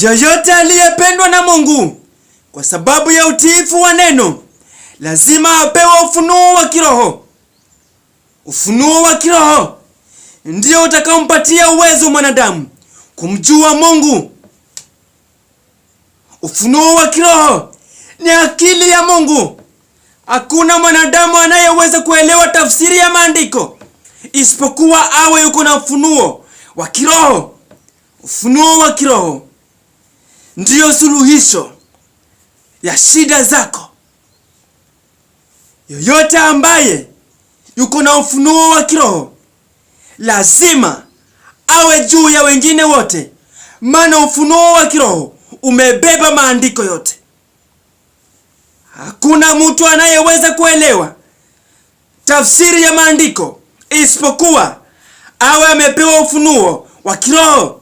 Yoyote aliyependwa na Mungu kwa sababu ya utiifu wa neno lazima apewe ufunuo wa kiroho. Ufunuo wa kiroho ndio utakaompatia uwezo mwanadamu kumjua Mungu. Ufunuo wa kiroho ni akili ya Mungu. Hakuna mwanadamu anayeweza kuelewa tafsiri ya maandiko isipokuwa awe yuko na ufunuo wa kiroho. Ufunuo wa kiroho ndiyo suluhisho ya shida zako. Yoyote ambaye yuko na ufunuo wa kiroho lazima awe juu ya wengine wote, maana ufunuo wa kiroho umebeba maandiko yote. Hakuna mtu anayeweza kuelewa tafsiri ya maandiko isipokuwa awe amepewa ufunuo wa kiroho.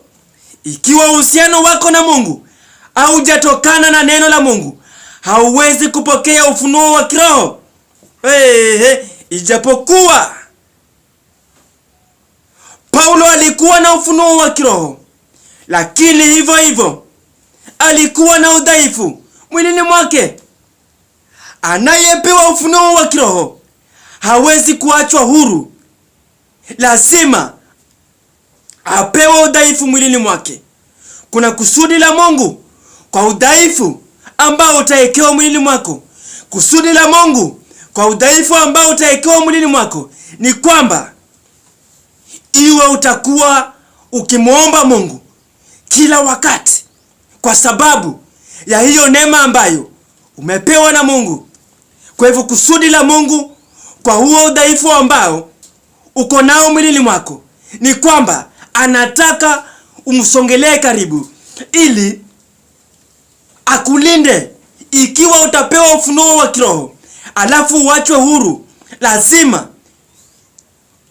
Ikiwa uhusiano wako na Mungu haujatokana na neno la Mungu hauwezi kupokea ufunuo wa kiroho hey, Ijapokuwa Paulo alikuwa na ufunuo wa kiroho, lakini hivyo hivyo alikuwa na udhaifu mwilini mwake. Anayepewa ufunuo wa kiroho hawezi kuachwa huru, lazima apewe udhaifu mwilini mwake. Kuna kusudi la Mungu kwa udhaifu ambao utaekewa mwilini mwako. Kusudi la Mungu kwa udhaifu ambao utaekewa mwilini mwako ni kwamba iwe utakuwa ukimwomba Mungu kila wakati, kwa sababu ya hiyo neema ambayo umepewa na Mungu. Kwa hivyo kusudi la Mungu kwa huo udhaifu ambao uko nao mwilini mwako ni kwamba anataka umsongelee karibu, ili akulinde. Ikiwa utapewa ufunuo wa kiroho alafu uachwe huru, lazima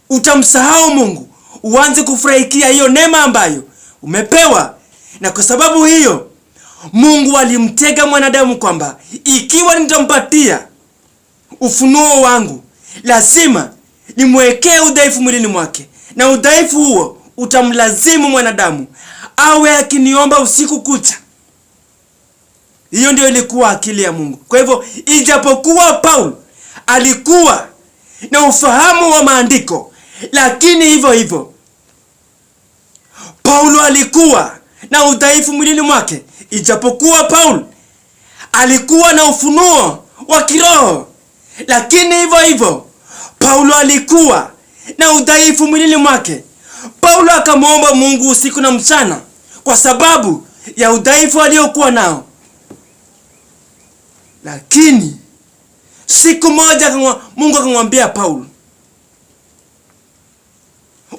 utamsahau Mungu, uanze kufurahikia hiyo neema ambayo umepewa. Na kwa sababu hiyo Mungu alimtega mwanadamu kwamba ikiwa nitampatia ufunuo wangu, lazima nimwekee udhaifu mwilini mwake, na udhaifu huo utamlazimu mwanadamu awe akiniomba usiku kucha hiyo ndio ilikuwa akili ya Mungu. Kwa hivyo, ijapokuwa Paulo alikuwa na ufahamu wa maandiko, lakini hivyo hivyo Paulo alikuwa na udhaifu mwilini mwake. Ijapokuwa Paulo alikuwa na ufunuo wa kiroho, lakini hivyo hivyo Paulo alikuwa na udhaifu mwilini mwake. Paulo akamwomba Mungu usiku na mchana kwa sababu ya udhaifu aliyokuwa nao. Lakini siku moja Mungu akamwambia Paulo,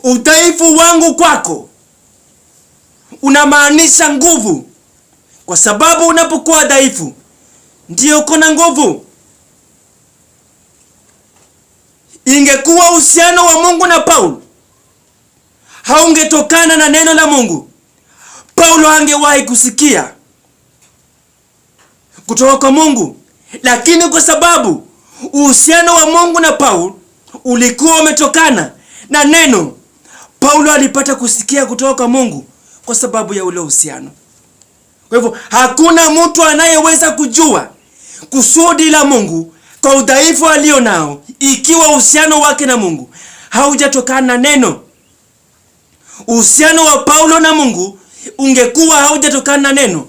udhaifu wangu kwako unamaanisha nguvu, kwa sababu unapokuwa dhaifu ndio uko na nguvu. Ingekuwa uhusiano wa Mungu na Paulo haungetokana na neno la Mungu, Paulo angewahi kusikia kutoka kwa Mungu, lakini kwa sababu uhusiano wa Mungu na Paulo ulikuwa umetokana na neno, Paulo alipata kusikia kutoka kwa Mungu kwa sababu ya ule uhusiano. Kwa hivyo hakuna mtu anayeweza kujua kusudi la Mungu kwa udhaifu alio nao, ikiwa uhusiano wake na Mungu haujatokana na neno. Uhusiano wa Paulo na Mungu ungekuwa haujatokana na neno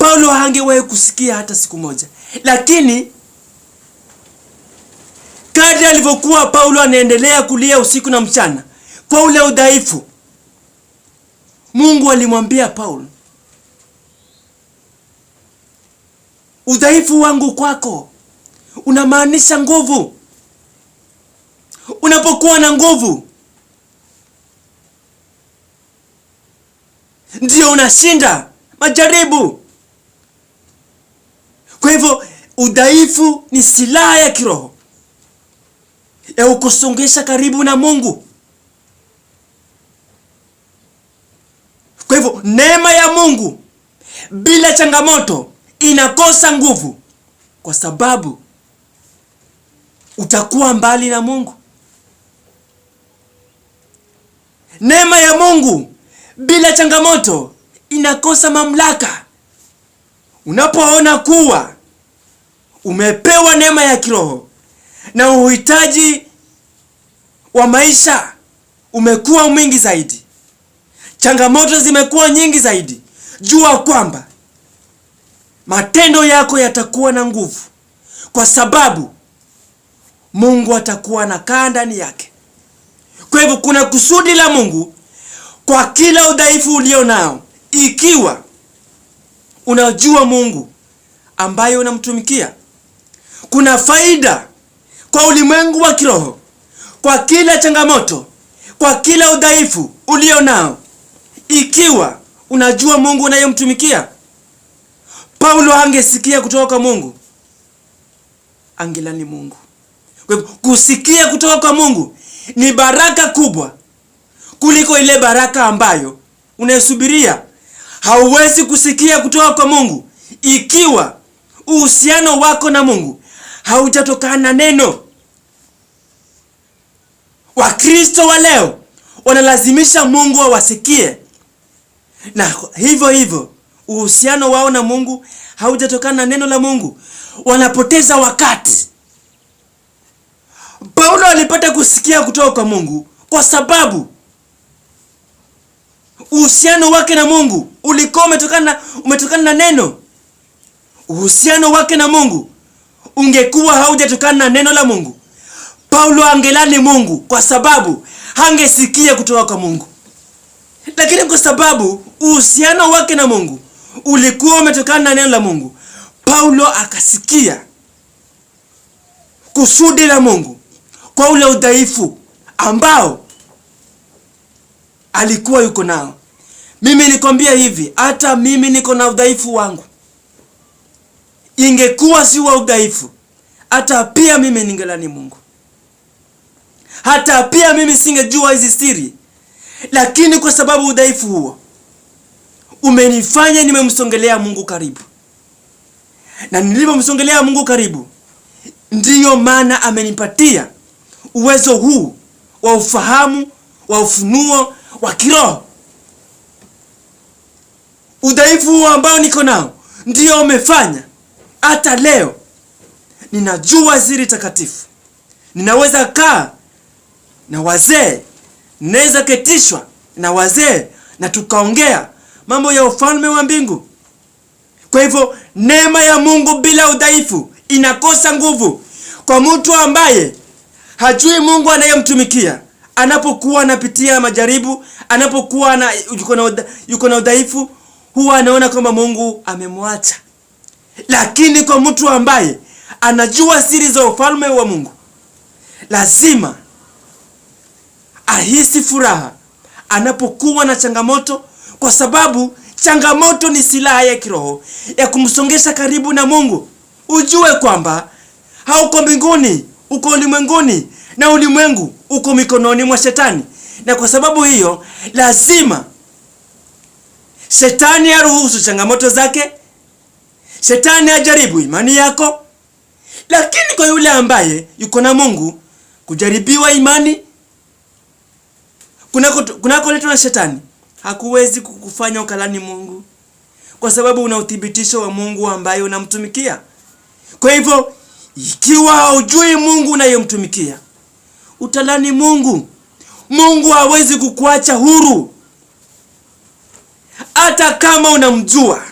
Paulo hangewahi kusikia hata siku moja, lakini kadri alivyokuwa Paulo anaendelea kulia usiku na mchana kwa ule udhaifu, Mungu alimwambia Paulo, udhaifu wangu kwako unamaanisha nguvu. Unapokuwa na nguvu ndio unashinda majaribu. Kwa hivyo udhaifu ni silaha ya kiroho ya ukusongesha karibu na Mungu. Kwa hivyo neema ya Mungu bila changamoto inakosa nguvu, kwa sababu utakuwa mbali na Mungu. Neema ya Mungu bila changamoto inakosa mamlaka Unapoona kuwa umepewa neema ya kiroho na uhitaji wa maisha umekuwa mwingi zaidi, changamoto zimekuwa nyingi zaidi, jua kwamba matendo yako yatakuwa na nguvu, kwa sababu Mungu atakuwa anakaa ndani yake. Kwa hivyo kuna kusudi la Mungu kwa kila udhaifu ulio nao, ikiwa unajua Mungu ambaye unamtumikia. Kuna faida kwa ulimwengu wa kiroho, kwa kila changamoto, kwa kila udhaifu ulio nao, ikiwa unajua Mungu unayemtumikia. Paulo angesikia kutoka kwa Mungu, angelani Mungu. Kwa hivyo kusikia kutoka kwa Mungu ni baraka kubwa kuliko ile baraka ambayo unayesubiria hauwezi kusikia kutoka kwa Mungu ikiwa uhusiano wako na Mungu haujatokana na neno. Wakristo wa leo wanalazimisha Mungu awasikie wa na hivyo hivyo uhusiano wao na Mungu haujatokana na neno la Mungu, wanapoteza wakati. Paulo alipata kusikia kutoka kwa Mungu kwa sababu uhusiano wake na Mungu ulikuwa umetokana umetokana na neno. Uhusiano wake na Mungu ungekuwa haujatokana na neno la Mungu, Paulo angelani Mungu kwa sababu hangesikia kutoka kwa Mungu. Lakini kwa sababu uhusiano wake na Mungu ulikuwa umetokana na neno la Mungu, Paulo akasikia kusudi la Mungu kwa ule udhaifu ambao alikuwa yuko nao. Mimi nikwambia hivi, hata mimi niko na udhaifu wangu. Ingekuwa si wa udhaifu, hata pia mimi ningelani Mungu, hata pia mimi singejua hizi siri, lakini kwa sababu udhaifu huo umenifanya nimemsongelea Mungu karibu, na nilipomsongelea Mungu karibu, ndiyo maana amenipatia uwezo huu wa ufahamu wa ufunuo wa kiroho udhaifu huu ambao niko nao ndio umefanya hata leo ninajua siri takatifu, ninaweza kaa na wazee, ninaweza ketishwa na wazee na tukaongea mambo ya ufalme wa mbingu. Kwa hivyo neema ya Mungu bila udhaifu inakosa nguvu. Kwa mtu ambaye hajui Mungu anayemtumikia, anapokuwa anapitia majaribu, anapokuwa yuko na udhaifu huwa anaona kwamba Mungu amemwacha. Lakini kwa mtu ambaye anajua siri za ufalme wa Mungu, lazima ahisi furaha anapokuwa na changamoto, kwa sababu changamoto ni silaha ya kiroho ya kumsongesha karibu na Mungu. Ujue kwamba hauko mbinguni, uko ulimwenguni, na ulimwengu uko mikononi mwa Shetani, na kwa sababu hiyo lazima Shetani aruhusu changamoto zake, shetani ajaribu imani yako. Lakini kwa yule ambaye yuko na Mungu, kujaribiwa imani kunakoletwa na shetani hakuwezi kukufanya ukalani Mungu, kwa sababu una uthibitisho wa Mungu ambaye unamtumikia. Kwa hivyo, ikiwa haujui Mungu unayemtumikia, utalani Mungu. Mungu hawezi kukuacha huru hata kama unamjua,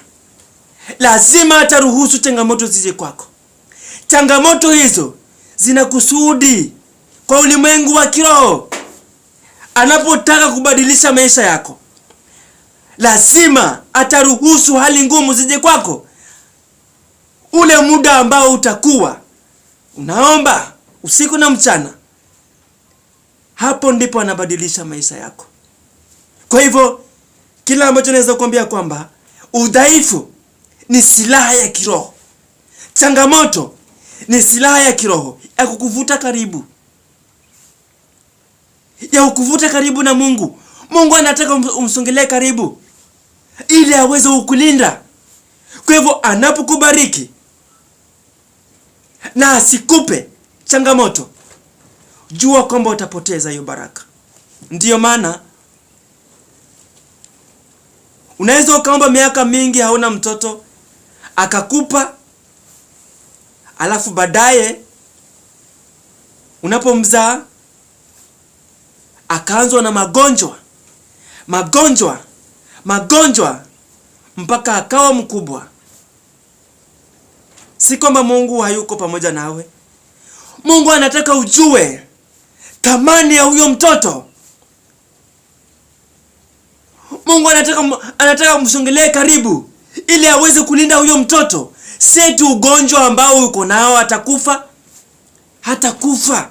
lazima ataruhusu changamoto zije kwako. Changamoto hizo zina kusudi kwa ulimwengu wa kiroho. Anapotaka kubadilisha maisha yako, lazima ataruhusu hali ngumu zije kwako. Ule muda ambao utakuwa unaomba usiku na mchana, hapo ndipo anabadilisha maisha yako. Kwa hivyo kila ambacho naweza kuambia kwamba udhaifu ni silaha ya kiroho, changamoto ni silaha ya kiroho ya kukuvuta karibu, ya kukuvuta karibu na Mungu. Mungu anataka umsongelee karibu ili aweze ukulinda. Kwa hivyo anapokubariki na asikupe changamoto, jua kwamba utapoteza hiyo baraka. Ndiyo maana Unaweza ukaomba miaka mingi hauna mtoto akakupa, alafu baadaye unapomzaa akaanzwa na magonjwa magonjwa magonjwa mpaka akawa mkubwa. Si kwamba Mungu hayuko pamoja nawe. Mungu anataka ujue thamani ya huyo mtoto. Mungu anataka anataka msongelee karibu ili aweze kulinda huyo mtoto, seti ugonjwa ambao uko nao, atakufa hatakufa,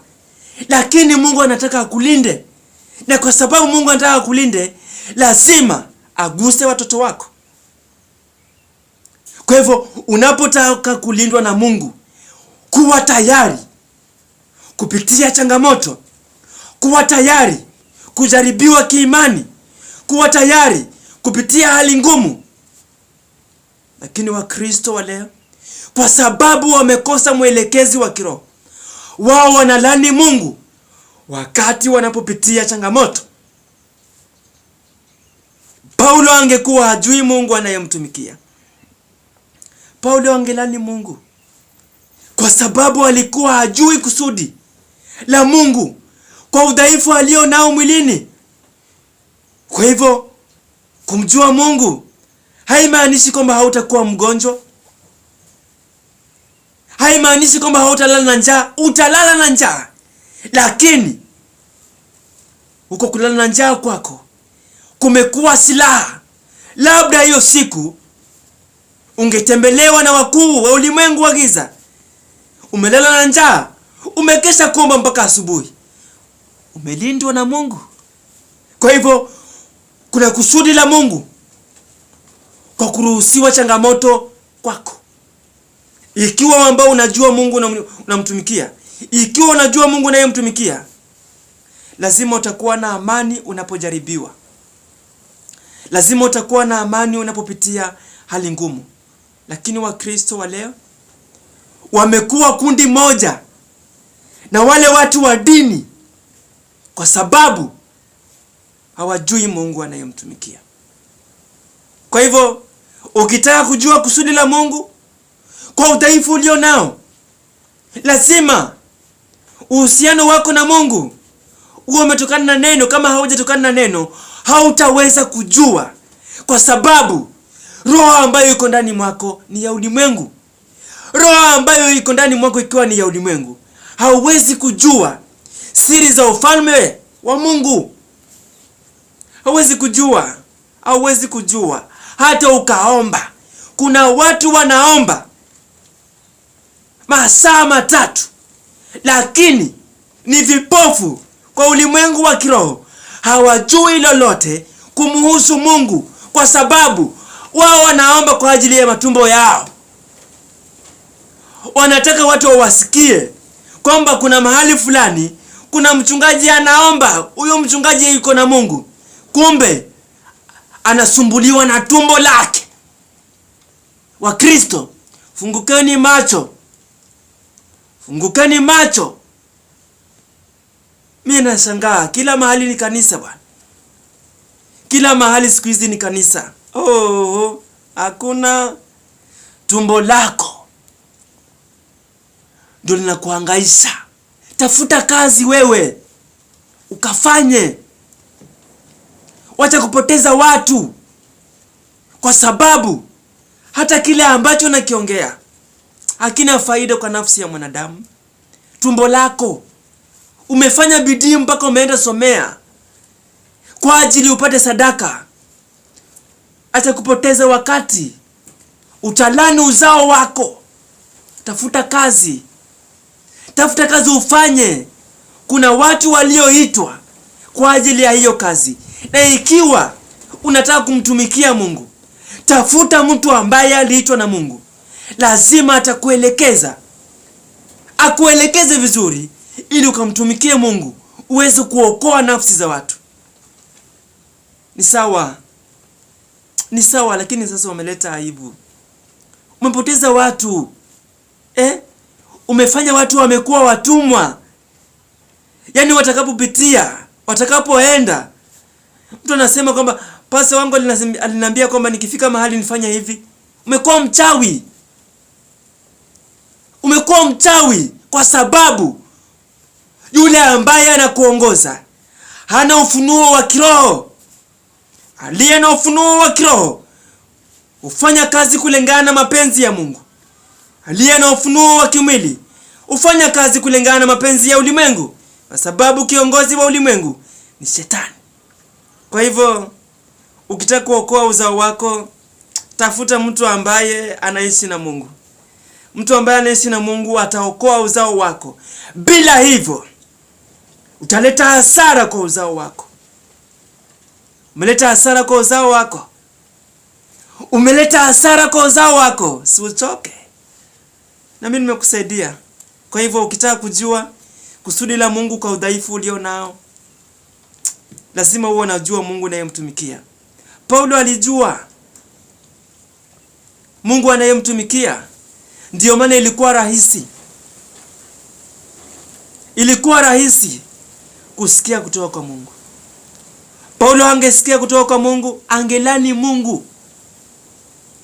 lakini Mungu anataka akulinde, na kwa sababu Mungu anataka akulinde, lazima aguse watoto wako. Kwa hivyo unapotaka kulindwa na Mungu, kuwa tayari kupitia changamoto, kuwa tayari kujaribiwa kiimani kuwa tayari kupitia hali ngumu. Lakini Wakristo wa leo, kwa sababu wamekosa mwelekezi wa kiroho, wao wanalani Mungu wakati wanapopitia changamoto. Paulo angekuwa hajui Mungu anayemtumikia, Paulo angelani Mungu kwa sababu alikuwa hajui kusudi la Mungu kwa udhaifu alio nao mwilini. Kwa hivyo kumjua Mungu haimaanishi kwamba hautakuwa mgonjwa, haimaanishi kwamba hautalala na njaa. Utalala na njaa, lakini huko kulala na njaa kwako kumekuwa silaha. Labda hiyo siku ungetembelewa na wakuu wa ulimwengu wa giza. Umelala na njaa, umekesha kuomba mpaka asubuhi, umelindwa na Mungu. Kwa hivyo kuna kusudi la Mungu kwa kuruhusiwa changamoto kwako, ikiwa ambao unajua Mungu unamtumikia, ikiwa unajua Mungu unayemtumikia, lazima utakuwa na amani unapojaribiwa, lazima utakuwa na amani unapopitia hali ngumu. Lakini Wakristo wa leo wamekuwa kundi moja na wale watu wa dini kwa sababu hawajui Mungu anayemtumikia. Kwa hivyo ukitaka kujua kusudi la Mungu kwa udhaifu ulio nao, lazima uhusiano wako na Mungu uwe umetokana na neno. Kama haujatokana na neno, hautaweza kujua, kwa sababu roho ambayo iko ndani mwako ni ya ulimwengu. Roho ambayo iko ndani mwako ikiwa ni ya ulimwengu, hauwezi kujua siri za ufalme wa Mungu hauwezi kujua, hauwezi kujua hata ukaomba. Kuna watu wanaomba masaa matatu, lakini ni vipofu kwa ulimwengu wa kiroho, hawajui lolote kumuhusu Mungu kwa sababu wao wanaomba kwa ajili ya matumbo yao. Wanataka watu wawasikie kwamba kuna mahali fulani kuna mchungaji anaomba, huyo mchungaji yuko na Mungu, kumbe anasumbuliwa na tumbo lake. Wakristo, fungukeni macho, fungukeni macho. Mimi nashangaa kila mahali ni kanisa bwana, kila mahali siku hizi ni kanisa. Oh, hakuna tumbo lako ndio linakuangaisha Tafuta kazi wewe ukafanye wacha kupoteza watu, kwa sababu hata kile ambacho nakiongea hakina faida kwa nafsi ya mwanadamu. Tumbo lako umefanya bidii mpaka umeenda somea kwa ajili upate sadaka, acha kupoteza wakati, utalani uzao wako. Tafuta kazi, tafuta kazi ufanye. Kuna watu walioitwa kwa ajili ya hiyo kazi. Na ikiwa unataka kumtumikia Mungu, tafuta mtu ambaye aliitwa na Mungu, lazima atakuelekeza, akuelekeze vizuri, ili ukamtumikie Mungu uweze kuokoa nafsi za watu. Ni sawa, ni sawa, lakini sasa wameleta aibu. Umepoteza watu eh? Umefanya watu wamekuwa watumwa, yaani watakapopitia, watakapoenda Mtu anasema kwamba pasa wangu aliniambia kwamba nikifika mahali nifanya hivi. Umekuwa mchawi, umekuwa mchawi kwa sababu yule ambaye anakuongoza hana ufunuo wa kiroho. Aliye na ufunuo wa kiroho hufanya kazi kulingana na mapenzi ya Mungu. Aliye na ufunuo wa kimwili hufanya kazi kulingana na mapenzi ya ulimwengu, kwa sababu kiongozi wa ulimwengu ni Shetani. Kwa hivyo ukitaka kuokoa uzao wako, tafuta mtu ambaye anaishi na Mungu. Mtu ambaye anaishi na Mungu ataokoa uzao wako. Bila hivyo utaleta hasara kwa uzao wako. Umeleta hasara kwa uzao wako, umeleta hasara kwa uzao wako, si uchoke. Na mimi nimekusaidia. Kwa hivyo ukitaka kujua kusudi la Mungu kwa udhaifu ulio nao lazima uwe unajua Mungu unayemtumikia. Paulo alijua Mungu anayemtumikia, ndiyo maana ilikuwa rahisi, ilikuwa rahisi kusikia kutoka kwa Mungu. Paulo angesikia kutoka kwa Mungu angelani Mungu,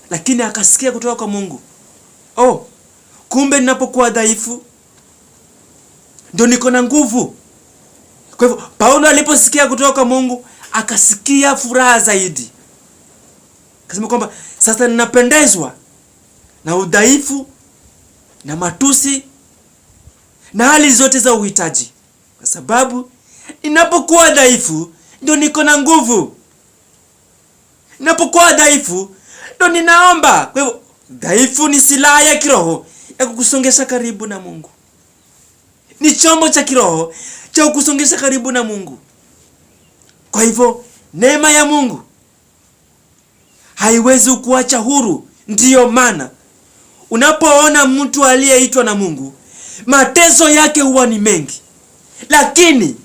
lakini akasikia kutoka kwa Mungu, oh, kumbe ninapokuwa dhaifu ndio niko na nguvu. Kwa hivyo Paulo aliposikia kutoka kwa Mungu akasikia furaha zaidi, akasema kwamba sasa ninapendezwa na udhaifu na matusi na hali zote za uhitaji, kwa sababu ninapokuwa dhaifu ndio niko na nguvu, ninapokuwa dhaifu ndio ninaomba. Kwa hivyo dhaifu ni silaha ya kiroho ya kukusongesha karibu na Mungu, ni chombo cha kiroho cha kukusongesha karibu na Mungu. Kwa hivyo neema ya Mungu haiwezi kuacha huru. Ndiyo maana unapoona mtu aliyeitwa na Mungu, mateso yake huwa ni mengi, lakini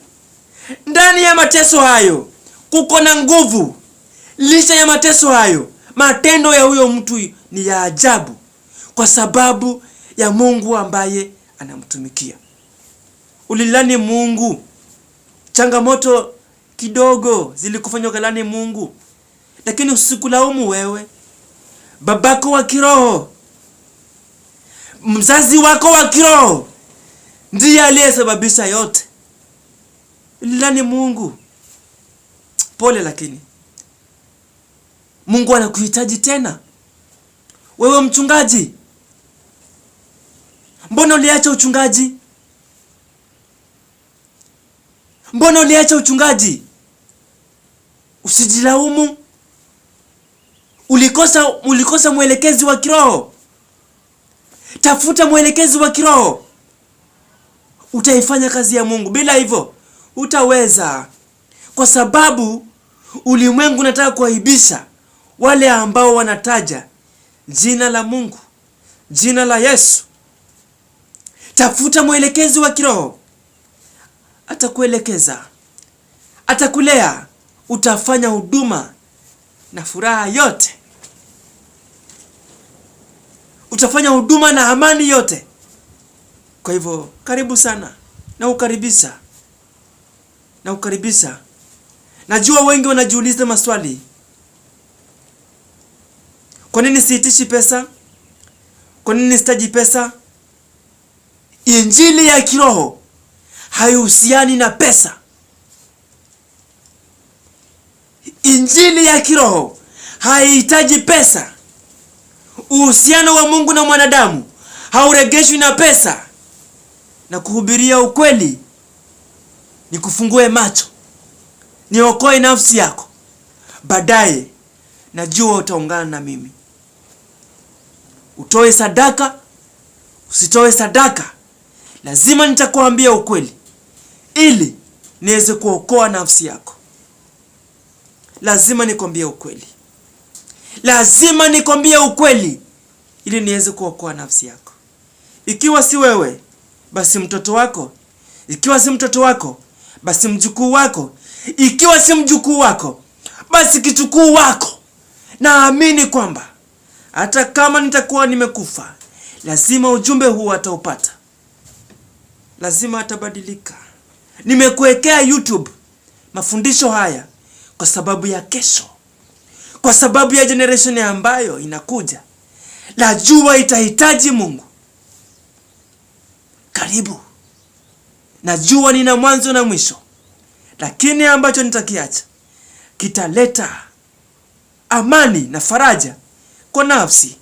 ndani ya mateso hayo kuko na nguvu. Licha ya mateso hayo, matendo ya huyo mtu ni ya ajabu, kwa sababu ya Mungu ambaye anamtumikia ulilani Mungu. Changamoto kidogo zilikufanya ukalani Mungu, lakini usikulaumu wewe, babako wa kiroho, mzazi wako wa kiroho ndiye aliyesababisha yote. Ulilani Mungu, pole, lakini Mungu anakuhitaji tena. Wewe mchungaji, mbona uliacha uchungaji? Mbona uliacha uchungaji? Usijilaumu. Ulikosa, ulikosa mwelekezi wa kiroho. Tafuta mwelekezi wa kiroho, utaifanya kazi ya Mungu. Bila hivyo utaweza, kwa sababu ulimwengu unataka kuaibisha wale ambao wanataja jina la Mungu, jina la Yesu. Tafuta mwelekezi wa kiroho atakuelekeza, atakulea, utafanya huduma na furaha yote, utafanya huduma na amani yote. Kwa hivyo karibu sana na ukaribisa na ukaribisa. Najua wengi wanajiuliza maswali, kwa nini siitishi pesa? Kwa nini sitaji pesa? Injili ya kiroho haihusiani na pesa. Injili ya kiroho haihitaji pesa. Uhusiano wa Mungu na mwanadamu hauregeshwi na pesa, na kuhubiria ukweli ni kufungue macho, niokoe nafsi yako, baadaye najua utaungana na mimi. Utoe sadaka, usitoe sadaka, lazima nitakuambia ukweli ili niweze kuokoa nafsi yako. Lazima nikwambie ukweli, lazima nikwambie ukweli ili niweze kuokoa nafsi yako. Ikiwa si wewe, basi mtoto wako. Ikiwa si mtoto wako, basi mjukuu wako. Ikiwa si mjukuu wako, basi kitukuu wako. Naamini kwamba hata kama nitakuwa nimekufa, lazima ujumbe huu ataupata, lazima atabadilika. Nimekuwekea YouTube mafundisho haya kwa sababu ya kesho, kwa sababu ya generation ambayo inakuja, la jua itahitaji Mungu. Karibu. Najua nina mwanzo na mwisho, lakini ambacho nitakiacha kitaleta amani na faraja kwa nafsi,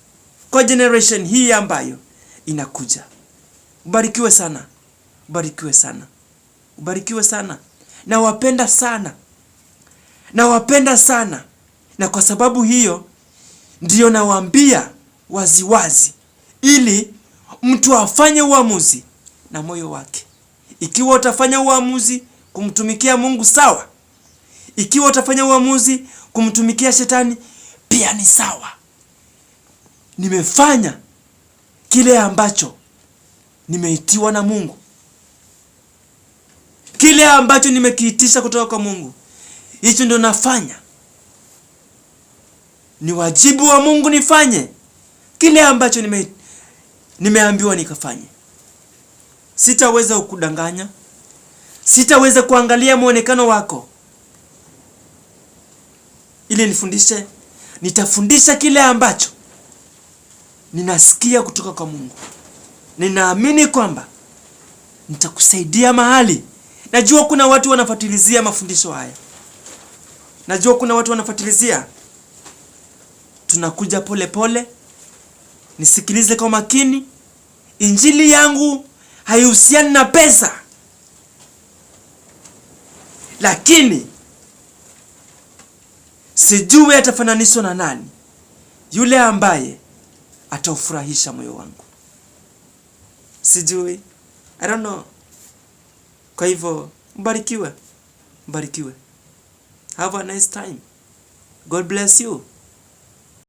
kwa generation hii ambayo inakuja. Ubarikiwe sana, ubarikiwe sana. Ubarikiwe sana, nawapenda sana, nawapenda sana, na kwa sababu hiyo ndiyo nawaambia waziwazi, ili mtu afanye uamuzi na moyo wake. Ikiwa utafanya uamuzi kumtumikia Mungu sawa, ikiwa utafanya uamuzi kumtumikia shetani pia ni sawa. Nimefanya kile ambacho nimeitiwa na Mungu kile ambacho nimekiitisha kutoka kwa Mungu, hicho ndio nafanya. Ni wajibu wa Mungu nifanye kile ambacho nime, nimeambiwa nikafanye. Sitaweza kukudanganya, sitaweza kuangalia mwonekano wako ili nifundishe. Nitafundisha kile ambacho ninasikia kutoka kwa Mungu. Ninaamini kwamba nitakusaidia mahali Najua kuna watu wanafuatilizia mafundisho haya, najua kuna watu wanafuatilizia. Tunakuja pole pole, nisikilize kwa makini. Injili yangu haihusiani na pesa, lakini sijui atafananishwa na nani, yule ambaye ataufurahisha moyo wangu, sijui I don't know. Kwa hivyo mbarikiwe, mbarikiwe. Have a nice time. God bless you.